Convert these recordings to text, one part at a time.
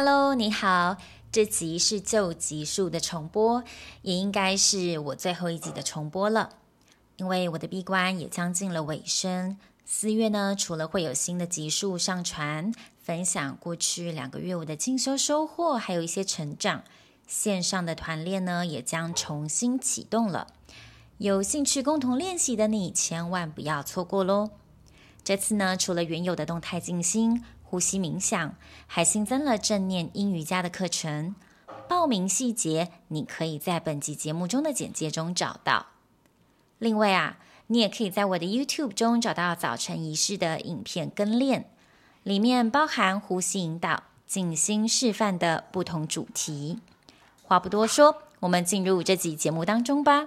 哈嘍，Hello, 你好，這集是舊集數的重播，也應該是我最後一集的重播了，因為我的閉關也將近了尾聲。四月呢，除了會有新的集數上傳，分享過去兩個月我的進修收穫，還有一些成長，線上的團練呢也將重新啟動了。有興趣共同練習的你，千萬不要錯過嘍。這次呢，除了原有的動態靜心。呼吸冥想，還新增了正念陰瑜伽的課程。報名細節你可以在本集節目中的簡介中找到。另外啊，你也可以在我的 YouTube 中找到早晨儀式的影片跟練，裡面包含呼吸引導、靜心示範的不同主題。話不多說，我們進入這集節目當中吧。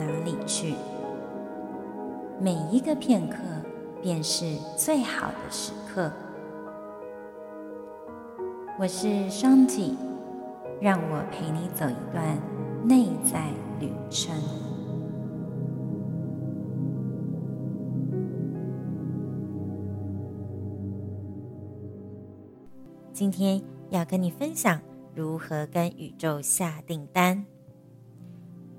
哪裡去？每一個片刻便是最好的時刻。我是 Shanti，讓我陪你走一段內在旅程。今天要跟你分享如何跟宇宙下訂單。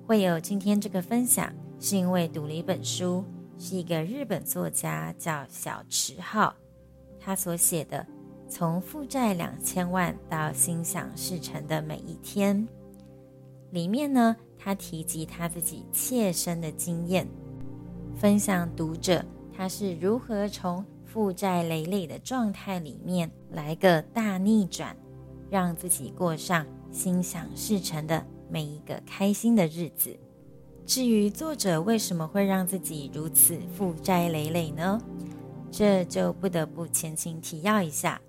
會有今天這個分享，是因為讀了一本書，是一個日本作家叫小池浩，他所寫的《從負債兩千萬到心想事成的每一天》裡面呢，他提及他自己切身的經驗，分享讀者，他是如何從負債累累的狀態裡面來個大逆轉，讓自己過上心想事成的。每一個開心的日子。至於作者為什麼會讓自己如此負債累累呢？這就不得不前情提要一下，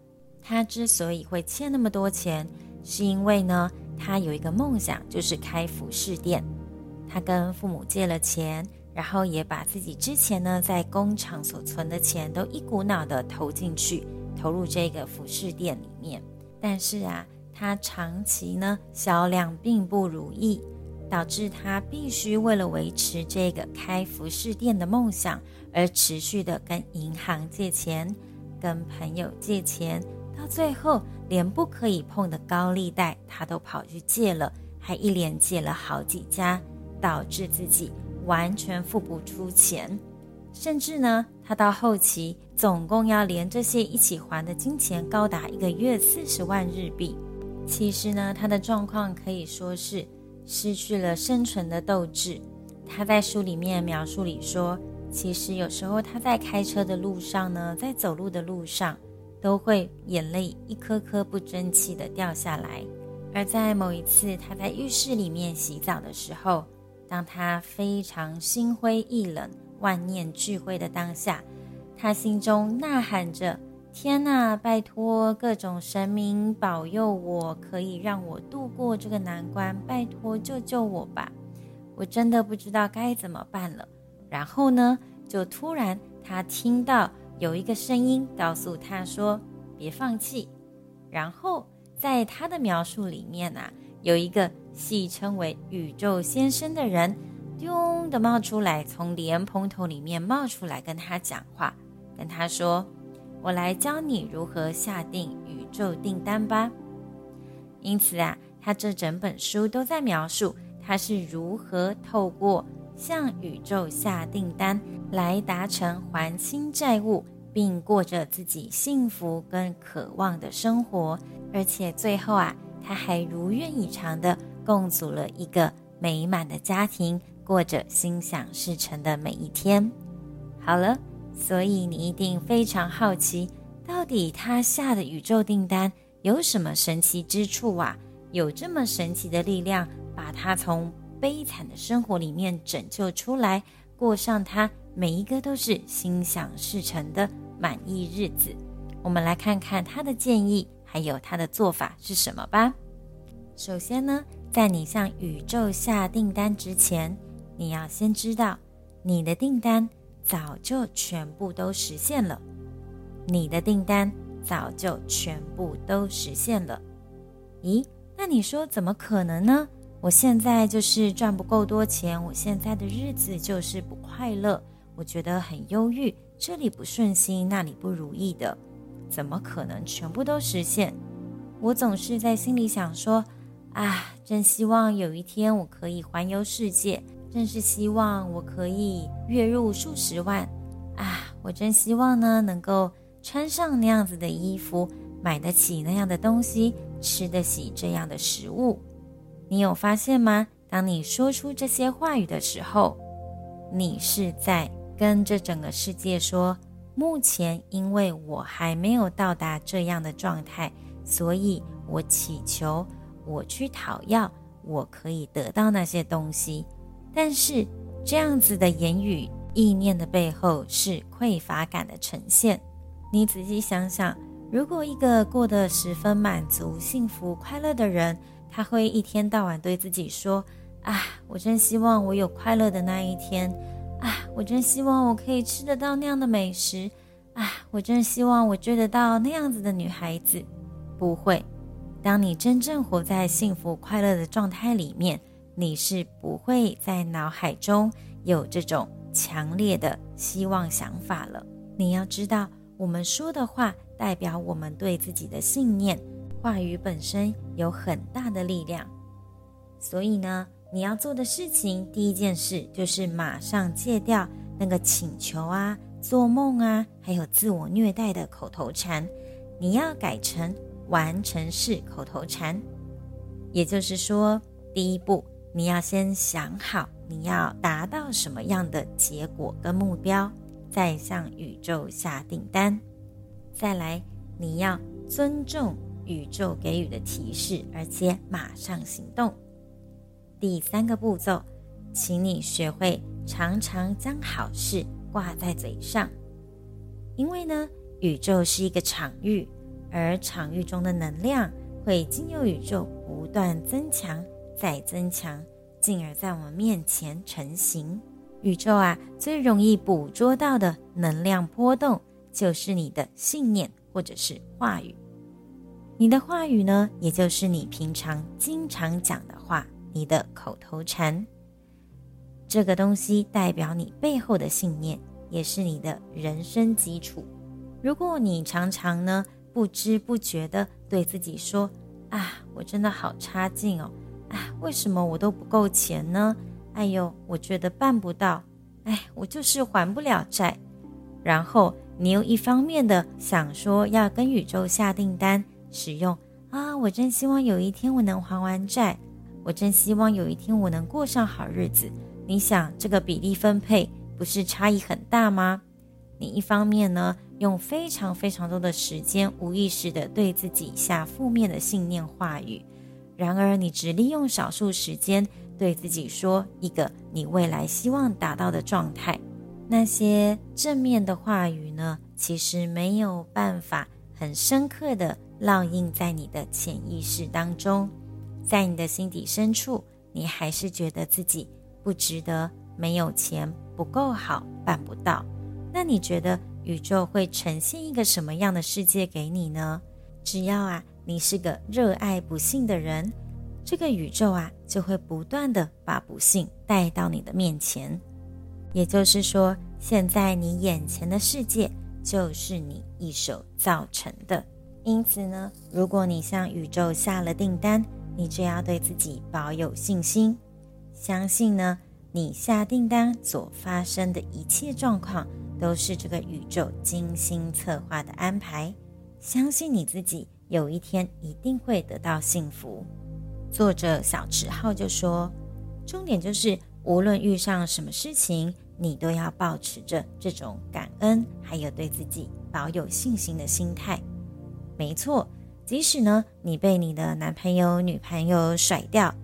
他之所以會欠那麼多錢，是因為呢，他有一個夢想，就是開服飾店。他跟父母借了錢，然後也把自己之前呢，在工廠所存的錢都一股腦的投進去，投入這個服飾店裡面。但是啊，他長期呢，銷量並不如意，導致他必須為了維持這個開服飾店的夢想而持續的跟銀行借錢、跟朋友借錢，到最後連不可以碰的高利貸他都跑去借了，還一連借了好幾家，導致自己完全付不出錢，甚至呢，他到後期，總共要連這些一起還的金錢高達一個月四十萬日幣。其實呢，他的狀況可以說是失去了生存的鬥志。他在書裡面描述裡說，其實有時候他在開車的路上呢，在走路的路上，都會眼淚一顆顆不爭氣的掉下來。而在某一次他在浴室裡面洗澡的時候，當他非常心灰意冷、萬念俱灰的當下，他心中吶喊着。天吶，拜託，各種神明保佑我，可以讓我度過這個難關。拜託，救救我吧！我真的不知道該怎麼辦了。然後呢，就突然他聽到有一個聲音告訴他說：“別放棄。”然後在他的描述裡面啊，有一個戲稱為“宇宙先生”的人，咚的冒出來，從蓮蓬頭裡面冒出來跟他講話，跟他說。我來教你如何下定宇宙訂單吧。因此啊，他這整本書都在描述他是如何透過向宇宙下訂單來達成還清債務，並過着自己幸福跟渴望的生活。而且最後啊，他還如願以償地共組了一個美滿的家庭，過着心想事成的每一天。好了。所以你一定非常好奇，到底他下的宇宙訂單有什麼神奇之處啊？有這麼神奇的力量，把他從悲慘的生活裡面拯救出來，過上他每一個都是心想事成的滿意日子。我們來看看他的建議，還有他的做法是什麼吧。首先呢，在你向宇宙下訂單之前，你要先知道你的訂單。早就全部都實現了，你的訂單早就全部都實現了。咦，那你說怎麼可能呢？我現在就是賺不夠多錢，我現在的日子就是不快樂，我覺得很憂鬱，這裡不順心，那裡不如意的，怎麼可能全部都實現？我總是在心裡想說，啊，真希望有一天我可以環遊世界。真是希望我可以月入數十萬啊！我真希望呢，能夠穿上那樣子的衣服，買得起那樣的東西，吃得起這樣的食物。你有發現嗎？當你說出這些話語的時候，你是在跟這整個世界說：目前因為我還沒有到達這樣的狀態，所以我祈求，我去討要，我可以得到那些東西。但是，這樣子的言語意念的背後是匱乏感的呈現。你仔細想想，如果一個過得十分滿足、幸福、快樂的人，他會一天到晚對自己說：“啊，我真希望我有快樂的那一天；啊，我真希望我可以吃得到那樣的美食；啊，我真希望我追得到那樣子的女孩子。”不會。當你真正活在幸福快樂的狀態裡面。你是不會在腦海中有這種強烈的希望想法了。你要知道，我們說的話代表我們對自己的信念，話語本身有很大的力量。所以呢，你要做的事情第一件事就是馬上戒掉那個請求啊、做夢啊，還有自我虐待的口頭禪，你要改成完成式口頭禪。也就是說，第一步。你要先想好你要達到什麼樣的結果跟目標，再向宇宙下訂單。再來，你要尊重宇宙給予的提示，而且馬上行動。第三個步驟，請你學會常常將好事掛在嘴上，因為呢，宇宙是一個場域，而場域中的能量會經由宇宙不斷增強。在增強，進而在我們面前成型。宇宙啊，最容易捕捉到的能量波動，就是你的信念或者是話語。你的話語呢，也就是你平常經常講的話，你的口頭禪。這個東西代表你背後的信念，也是你的人生基礎。如果你常常呢，不知不覺的對自己說：“啊，我真的好差勁哦。”哎，為什麼我都不夠錢呢？哎呦，我覺得辦不到。哎，我就是還不了債。然後你又一方面的想說要跟宇宙下訂單使用啊，我真希望有一天我能還完債，我真希望有一天我能過上好日子。你想這個比例分配不是差異很大嗎？你一方面呢用非常非常多的時間無意識的對自己下負面的信念話語。然而，你只利用少數時間對自己說一個你未來希望達到的狀態，那些正面的話語呢，其實沒有辦法很深刻的烙印在你的潛意識當中，在你的心底深處，你還是覺得自己不值得，沒有錢，不夠好，辦不到。那你覺得宇宙會呈現一個什麼樣的世界給你呢？只要啊。你是個熱愛不幸的人，這個宇宙啊就會不斷的把不幸帶到你的面前。也就是說，現在你眼前的世界就是你一手造成的。因此呢，如果你向宇宙下了訂單，你就要對自己保有信心，相信呢，你下訂單所發生的一切狀況都是這個宇宙精心策劃的安排。相信你自己。有一天一定會得到幸福。作者小池浩就說：“重點就是，無論遇上什麼事情，你都要保持着這種感恩，還有對自己保有信心的心態。沒錯，即使呢，你被你的男朋友、女朋友甩掉，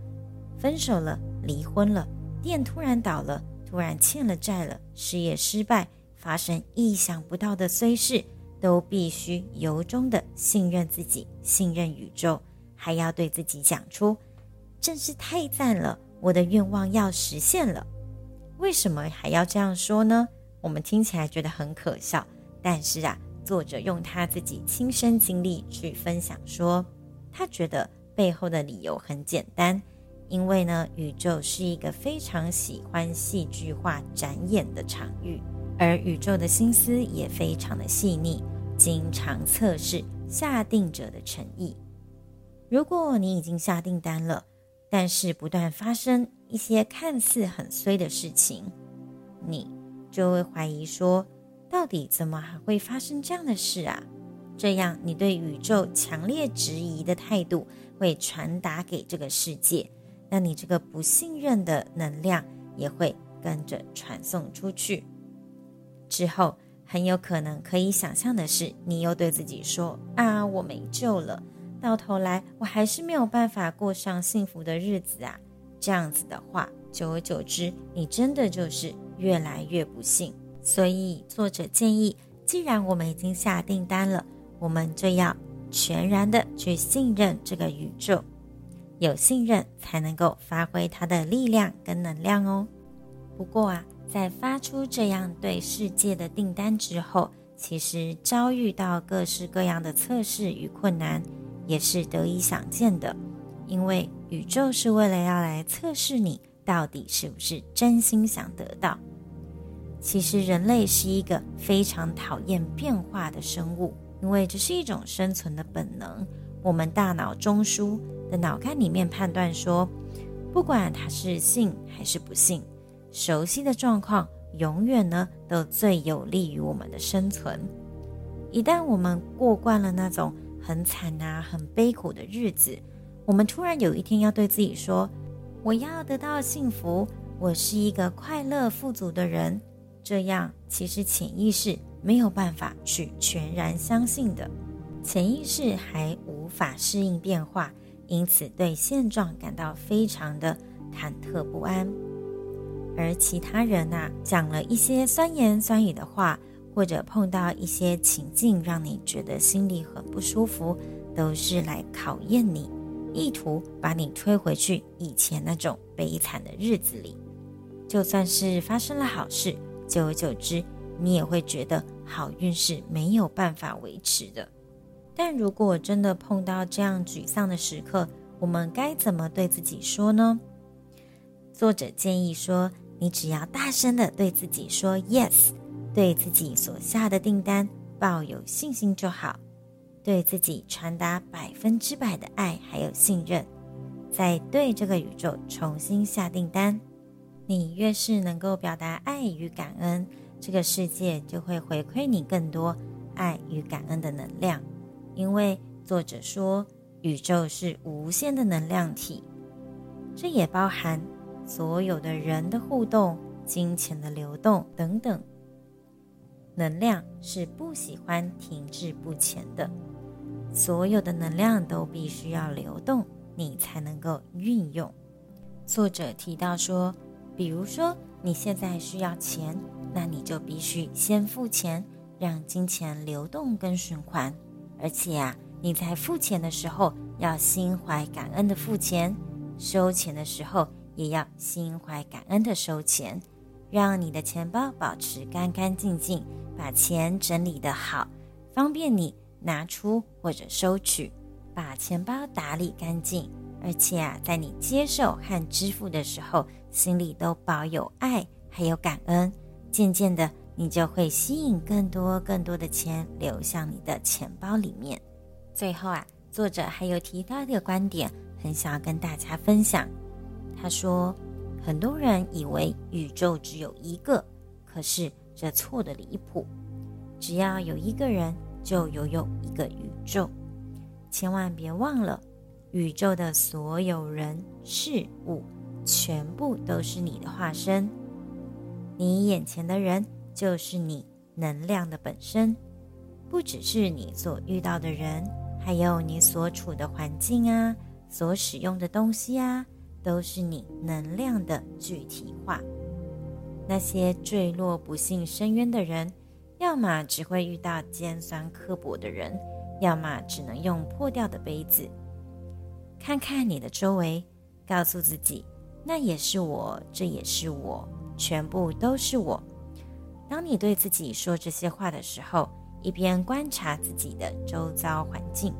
分手了，離婚了，店突然倒了，突然欠了債了，事業失敗，發生意想不到的衰事。”都必須由衷地信任自己，信任宇宙，還要對自己講出：“真是太贊了，我的願望要實現了。”為什麼還要這樣說呢？我們聽起來覺得很可笑，但是啊，作者用他自己親身經歷去分享說，說他覺得背後的理由很簡單，因為呢，宇宙是一個非常喜歡戲劇化展演的場域。而宇宙的心思也非常的細膩，經常測試下定者的誠意。如果你已經下訂單了，但是不斷發生一些看似很衰的事情，你就會懷疑說，到底怎麼還會發生這樣的事啊？這樣，你對宇宙強烈質疑的態度會傳達給這個世界，那你這個不信任的能量也會跟着傳送出去。之後很有可能可以想象的是，你又對自己說啊，我沒救了，到頭來我還是沒有辦法過上幸福的日子啊。這樣子的話，久而久之，你真的就是越來越不幸。所以作者建議，既然我們已經下訂單了，我們就要全然的去信任這個宇宙，有信任才能夠發揮它的力量跟能量哦。不過啊。在發出這樣對世界的訂單之後，其實遭遇到各式各樣的測試與困難，也是得以想見的。因為宇宙是為了要來測試你到底是不是真心想得到。其實人類是一個非常討厭變化的生物，因為這是一種生存的本能。我們大腦中樞的腦幹裡面判斷說，不管他是幸還是不幸。熟悉的狀況永遠呢都最有利於我們的生存。一旦我們過慣了那種很慘啊、很悲苦的日子，我們突然有一天要對自己說：“我要得到幸福，我是一個快樂富足的人。”這樣其實潛意識沒有辦法去全然相信的，潛意識還無法適應變化，因此對現狀感到非常的忐忑不安。而其他人吶、啊，講了一些酸言酸語的話，或者碰到一些情境，讓你覺得心裡很不舒服，都是來考驗你，意圖把你推回去以前那種悲慘的日子裡。就算是發生了好事，久而久之，你也會覺得好運是沒有辦法維持的。但如果真的碰到這樣沮喪的時刻，我們該怎麼對自己說呢？作者建議說，你只要大聲的對自己說 yes，對自己所下的訂單抱有信心就好，對自己傳達百分之百的愛還有信任，再對這個宇宙重新下訂單。你越是能夠表達愛與感恩，這個世界就會回饋你更多愛與感恩的能量。因為作者說，宇宙是無限的能量體，這也包含。所有的人的互動、金錢的流動等等，能量是不喜歡停滯不前的。所有的能量都必須要流動，你才能夠運用。作者提到說，比如說你現在需要錢，那你就必須先付錢，讓金錢流動跟循環。而且啊，你在付錢的時候要心懷感恩的付錢，收錢的時候，也要心懷感恩的收錢，讓你的錢包保持乾乾淨淨，把錢整理得好，方便你拿出或者收取。把錢包打理乾淨，而且啊，在你接受和支付的時候，心裡都保有愛，還有感恩。漸漸的，你就會吸引更多更多的錢流向你的錢包裡面。最後啊，作者還有提到一個觀點，很想要跟大家分享。他說：“很多人以為宇宙只有一個，可是這錯的離譜。只要有一個人，就擁有，有一個宇宙。千萬別忘了，宇宙的所有人事物，全部都是你的化身。你眼前的人就是你能量的本身，不只是你所遇到的人，還有你所處的環境啊，所使用的東西啊。”都是你能量的具體化。那些墜落不幸深淵的人，要麼只會遇到尖酸刻薄的人，要麼只能用破掉的杯子。看看你的周圍，告訴自己，那也是我，這也是我，全部都是我。當你對自己說這些話的時候，一邊觀察自己的周遭環境，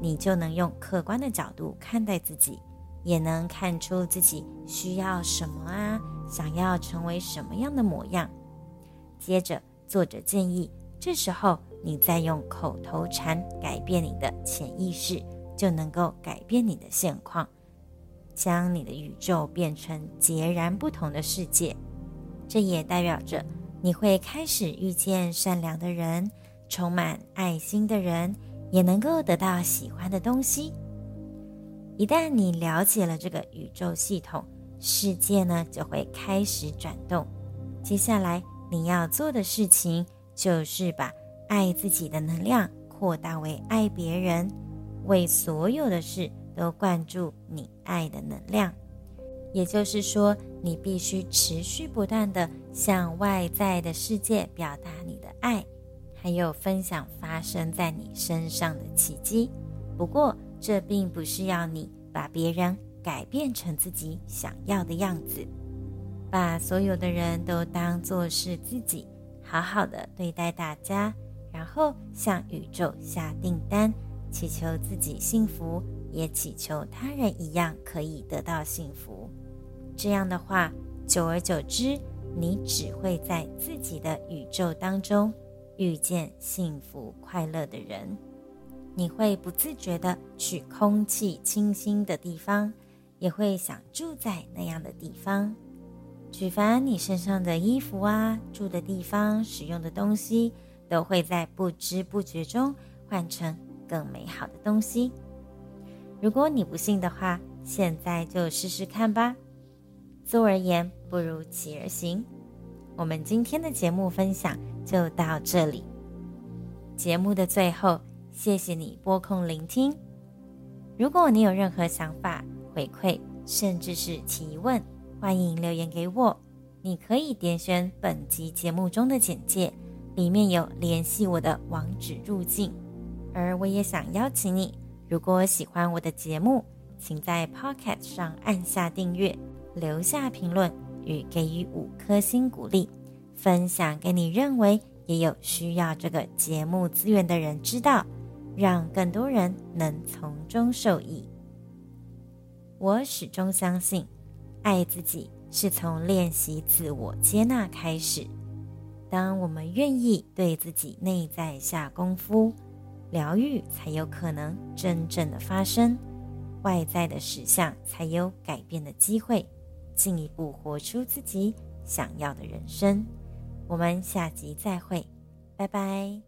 你就能用客觀的角度看待自己。也能看出自己需要什麼啊，想要成為什麼樣的模樣。接着，作者建議，這時候你再用口頭禪改變你的潛意識，就能夠改變你的現況，將你的宇宙變成截然不同的世界。這也代表着你會開始遇見善良的人，充滿愛心的人，也能夠得到喜歡的東西。一旦你了解了這個宇宙系統，世界呢就會開始轉動。接下來你要做的事情就是把愛自己的能量擴大為愛別人，為所有的事都灌注你愛的能量。也就是說，你必須持續不斷地向外在的世界表達你的愛，還有分享發生在你身上的奇蹟。不過，這並不是要你把別人改變成自己想要的樣子，把所有的人都當作是自己，好好的對待大家，然後向宇宙下訂單，祈求自己幸福，也祈求他人一樣可以得到幸福。這樣的話，久而久之，你只會在自己的宇宙當中遇見幸福快樂的人。你會不自覺地去空氣清新的地方，也會想住在那樣的地方。舉凡，你身上的衣服啊，住的地方，使用的東西，都會在不知不覺中換成更美好的東西。如果你不信的話，現在就試試看吧。坐而言，不如起而行。我們今天的節目分享就到這裡，節目的最後。謝謝你撥空聆聽。如果你有任何想法、回饋，甚至是提問，歡迎留言給我。你可以點選本集節目中的簡介，裡面有聯繫我的網址路徑，而我也想邀請你，如果喜歡我的節目，請在 Podcast 上按下訂閱，留下評論與給予五顆星鼓勵，分享給你認為也有需要這個節目資源的人知道。讓更多人能從中受益。我始終相信，愛自己是從練習自我接納開始。當我們願意對自己內在下功夫，療癒才有可能真正的發生，外在的實相才有改變的機會，進一步活出自己想要的人生。我們下集再會，拜拜。